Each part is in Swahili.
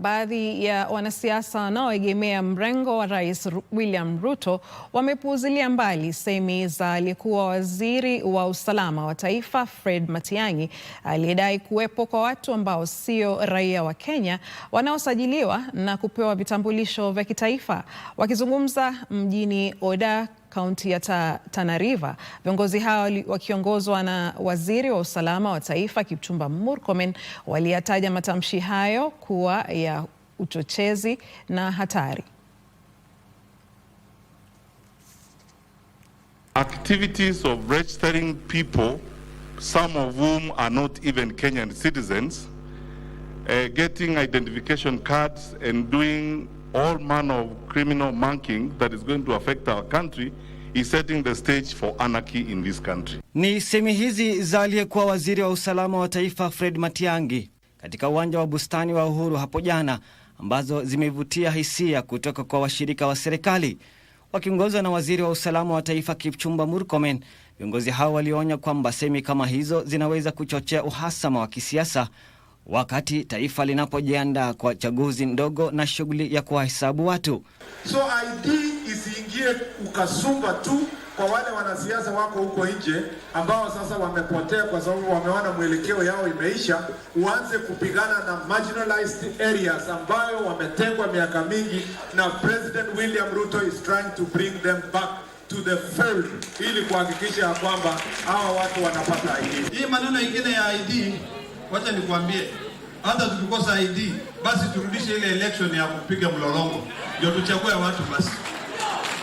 Baadhi ya wanasiasa wanaoegemea mrengo wa Rais William Ruto wamepuuzilia mbali semi za aliyekuwa waziri wa usalama wa taifa Fred Matiang'i aliyedai kuwepo kwa watu ambao sio raia wa Kenya wanaosajiliwa na kupewa vitambulisho vya kitaifa. Wakizungumza mjini Oda kaunti ya ta, Tana River. Viongozi hao wakiongozwa na waziri wa usalama wa taifa Kipchumba Murkomen waliyataja matamshi hayo kuwa ya uchochezi na hatari. Activities of registering people some of whom are not even Kenyan citizens uh, getting identification cards and doing all manner of criminal monkeying that is going to affect our country is setting the stage for anarchy in this country. Ni semi hizi za aliyekuwa waziri wa usalama wa taifa Fred Matiang'i katika uwanja wa bustani wa Uhuru hapo jana ambazo zimevutia hisia kutoka kwa washirika wa serikali wakiongozwa na waziri wa usalama wa taifa Kipchumba Murkomen. Viongozi hao walionya kwamba semi kama hizo zinaweza kuchochea uhasama wa kisiasa wakati taifa linapojiandaa kwa chaguzi ndogo na shughuli ya kuwahesabu watu. So ID isiingie ukasumba tu kwa wale wanasiasa wako huko nje ambao sasa wamepotea kwa sababu wameona mwelekeo yao imeisha. Uanze kupigana na marginalized areas ambayo wametengwa miaka mingi, na President William Ruto is trying to bring them back to the fold, ili kuhakikisha ya kwamba hawa watu wanapata ID. Hii maneno ingine ya ID wacha nikwambie, hata tukikosa ID basi turudishe ile election ya kupiga mlolongo ndio tuchague watu basi,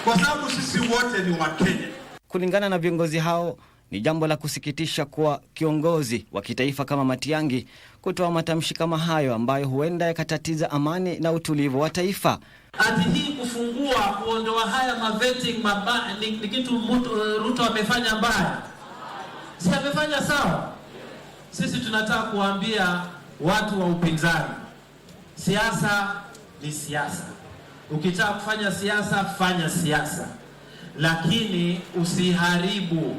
kwa sababu sisi wote ni Wakenya. Kulingana na viongozi hao, ni jambo la kusikitisha kwa kiongozi wa kitaifa kama Matiang'i kutoa matamshi kama hayo ambayo huenda yakatatiza amani na utulivu wa taifa. Ati hii kufungua kuondoa haya mavetting mabaya ni kitu Ruto amefanya mbaya, si amefanya sawa? Sisi tunataka kuwaambia watu wa upinzani, siasa ni siasa. Ukitaka kufanya siasa, fanya siasa, lakini usiharibu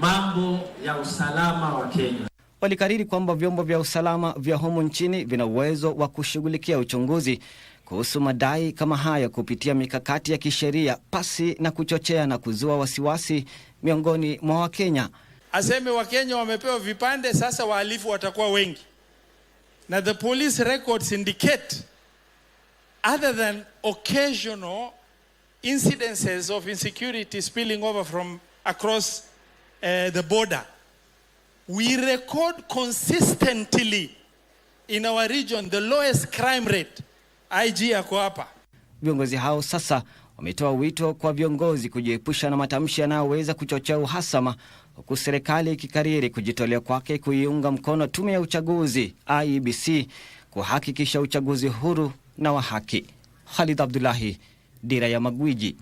mambo ya usalama wa Kenya. Walikariri kwamba vyombo vya usalama vya humu nchini vina uwezo wa kushughulikia uchunguzi kuhusu madai kama haya kupitia mikakati ya kisheria pasi na kuchochea na kuzua wasiwasi miongoni mwa Wakenya aseme Wakenya wamepewa vipande sasa, wahalifu watakuwa wengi. Na the police records indicate other than occasional incidences of insecurity spilling over from across uh, the border we record consistently in our region the lowest crime rate. IG yako hapa. Viongozi hao sasa wametoa wito kwa viongozi kujiepusha na matamshi yanayoweza kuchochea uhasama, huku serikali ikikariri kujitolea kwake kuiunga mkono tume ya uchaguzi IEBC kuhakikisha uchaguzi huru na wa haki. Khalid Abdullahi, Dira ya Magwiji.